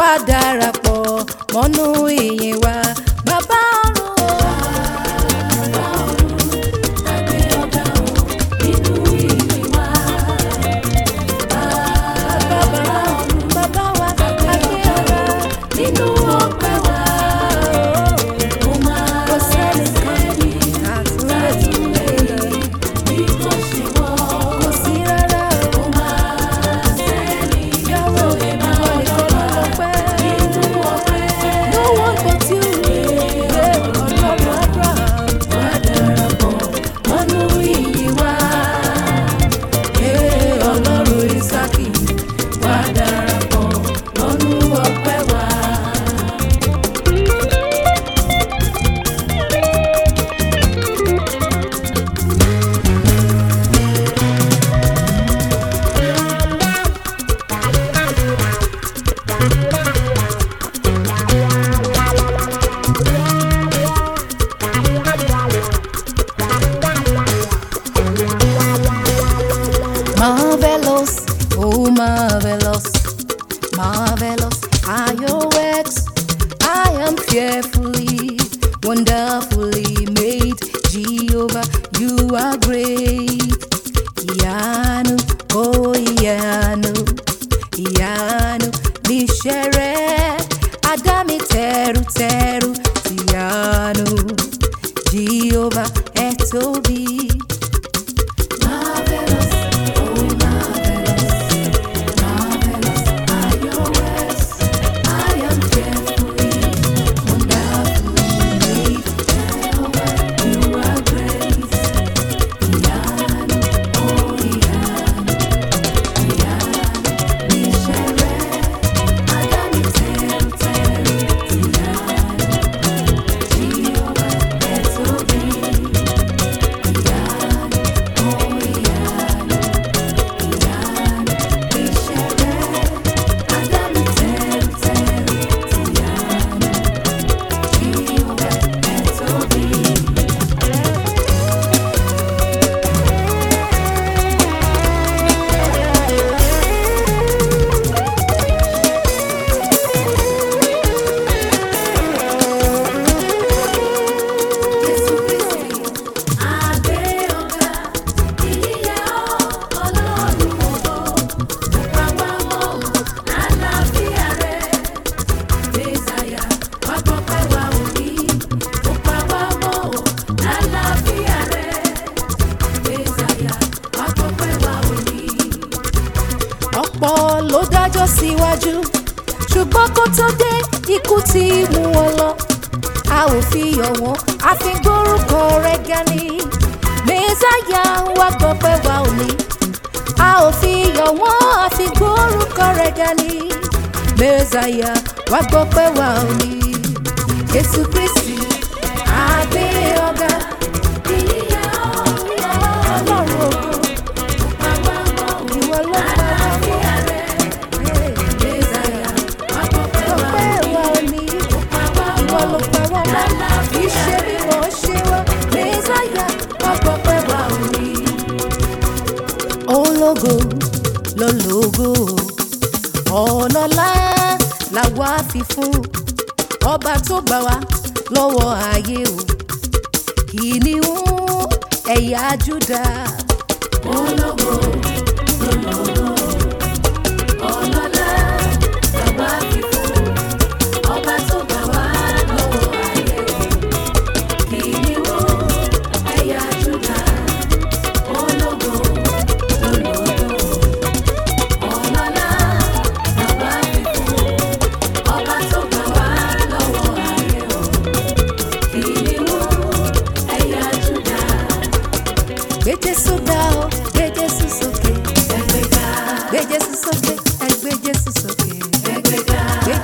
wá darapọ̀ mọ́nú ìyìn wa bàbá. kọ́kọ́ tó dé ikú ti mú wọn lọ a ò fi yọ̀ wọ́n a fi gbórúkọ rẹ̀ gani mẹ́sàyà wa gbọ́ wa ò ní a ò fi yọ̀ wọ́n a fi gbórúkọ rẹ̀ gani mẹ́sàyà wa gbọ́ wa ò ní Jésù Kristi.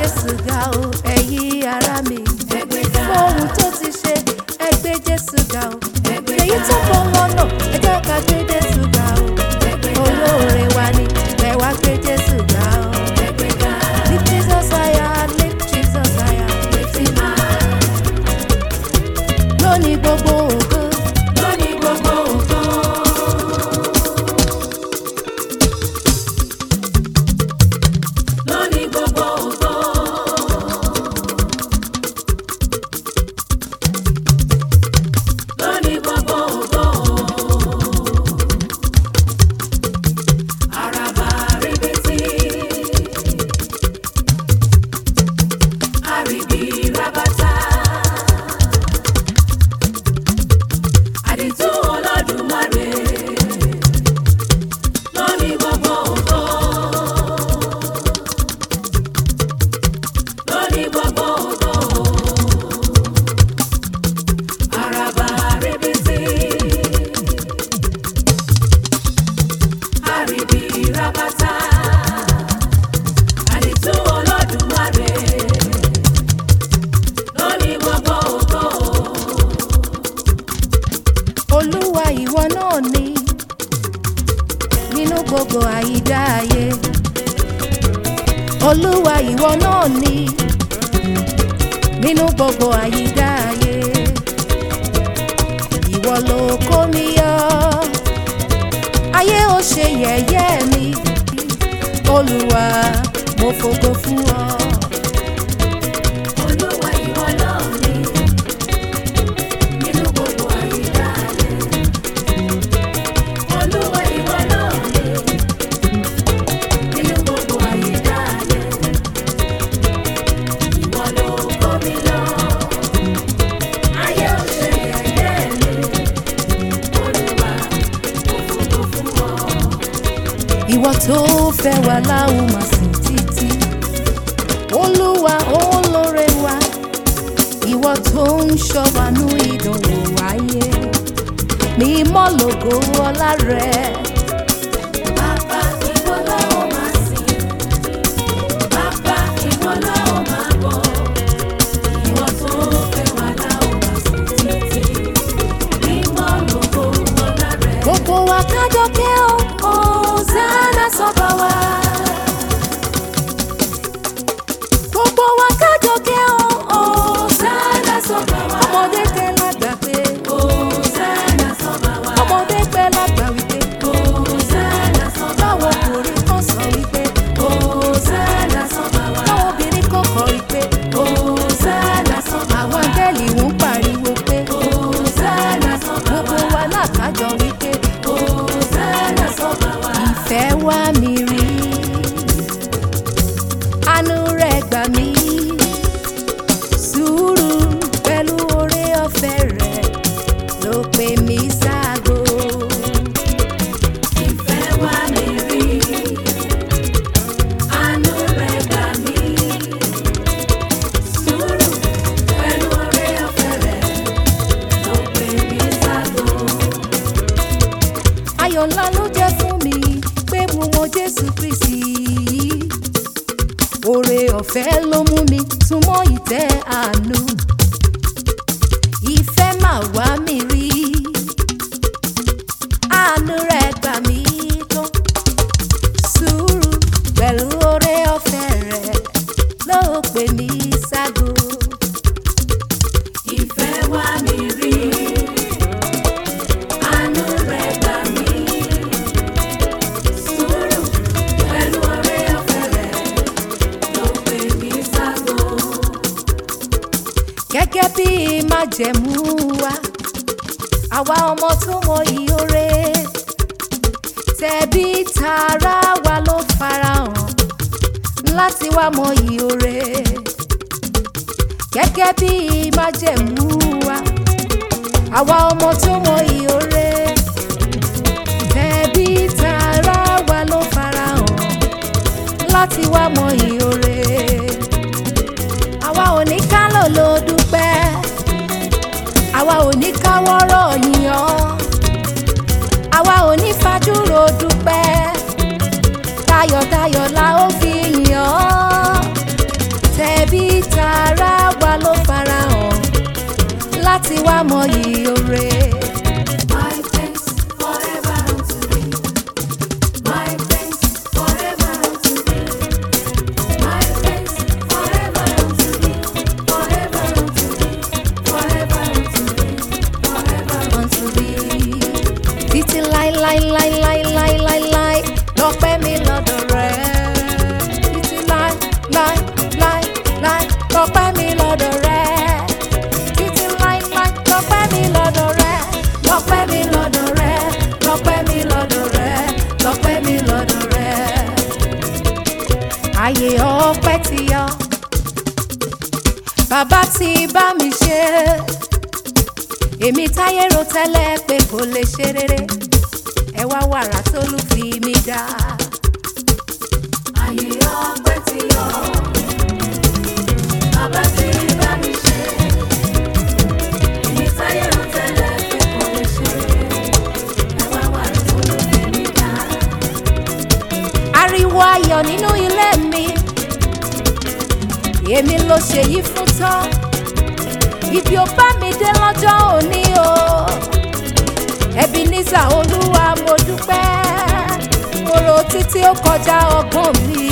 Jésù ga o ẹ̀yin ará mi fún ohun tó ti ṣe ẹ gbé Jésù ga o èyí tó pọ̀ lọ́nà ẹ jẹ́. olúwa mo fògo fún ọ. olúwa ìwọ lọ́ọ̀ mi nínú gbogbo àyíká rẹ̀. olúwa ìwọ lọ́ọ̀ mi nínú gbogbo àyíká rẹ̀. ìwọ ló kọ́ mi ìfẹ́ wa láwùn máa sìn títí olúwa olóore wa ìwọ tó ń ṣọ́ ìdánwò ayé mímọ́ lògo ọlá rẹ. Bàbá ìwọ lọ́wọ́ máa sìn. Bàbá ìwọ lọ́wọ́. oore gẹ́gẹ́ bí májẹ̀mú wa àwa ọmọ tó mọ ìhòòrè ẹbí tara wa ló farahàn láti wá mọ ìhòòrè àwa ò ní ká lòlò dúpẹ́ àwa ò ní ká wọ́rọ̀ àwa ò ní fajúro dúpẹ́ tayọ̀tayọ̀ la láti wá mọyì oore. ayé ọpẹ́ ti yọ bàbá ti bá mi ṣe èmi táyé ro tẹ́lẹ̀ pé kò lè ṣe rere ẹ wá wàrà tó lù fi mi dá. ayé ọpẹ́. ayọ̀ nínú ilé mi èmi ló ṣe yí fún tán ibi ò bá mi dé lọ́jọ́ òní o ẹbí nísà olúwa mo dúpẹ́ oró títí ó kọjá ọgbọ́n mi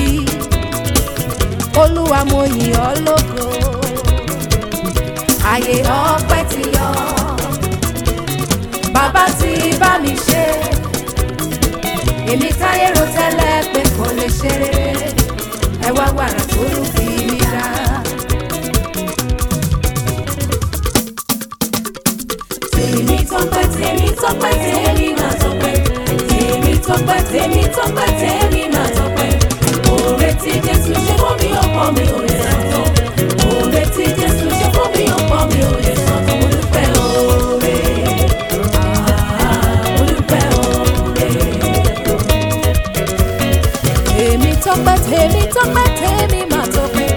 olúwa mo yìn ọ́ lógo àyè ọpẹ́ ti yọ bàbá ti bá mi ṣe èmi táyé ro tẹ́lẹ̀ mo lè ṣe rere ẹ wá wàrà tó lù fi mí dá. tèmi tọ́pẹ́ tèmi tọ́pẹ́ tèmi máa tọ́pẹ́ tèmi tọ́pẹ́ tèmi tọ́pẹ́ tèmi máa tọ́pẹ́ òòrè tí jésù ṣe fún mi ọkọ mi òòrè. tọ́pẹ́ tèmi mà tọ́pẹ́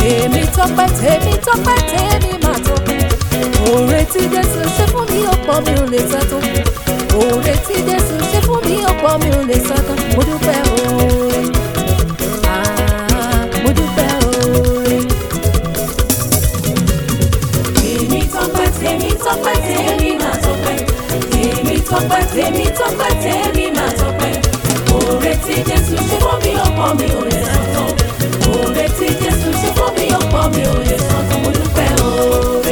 tèmi tọ́pẹ́ tèmi tọ́pẹ́ tèmi mà tọ́pẹ́ òòrè tí Jésù ṣe fún mi ọ̀pọ̀ mi ò lè sọ tó òòrè tí Jésù ṣe fún mi ọ̀pọ̀ mi ò lè sọ tó mo dúpẹ́ òòrè ah, mo dúpẹ́ òòrè. tèmi tọ́pẹ́ tèmi tọ́pẹ́ tèmi mà tọ́pẹ́ tèmi tọ́pẹ́ tèmi tọ́pẹ́ tèmi òòrè tí jésù ṣe fún mi ọkọ mi ò lè sọ̀tàn òòrè tí jésù ṣe fún mi ọkọ mi ò lè sọ̀tàn mo dúpẹ́ o.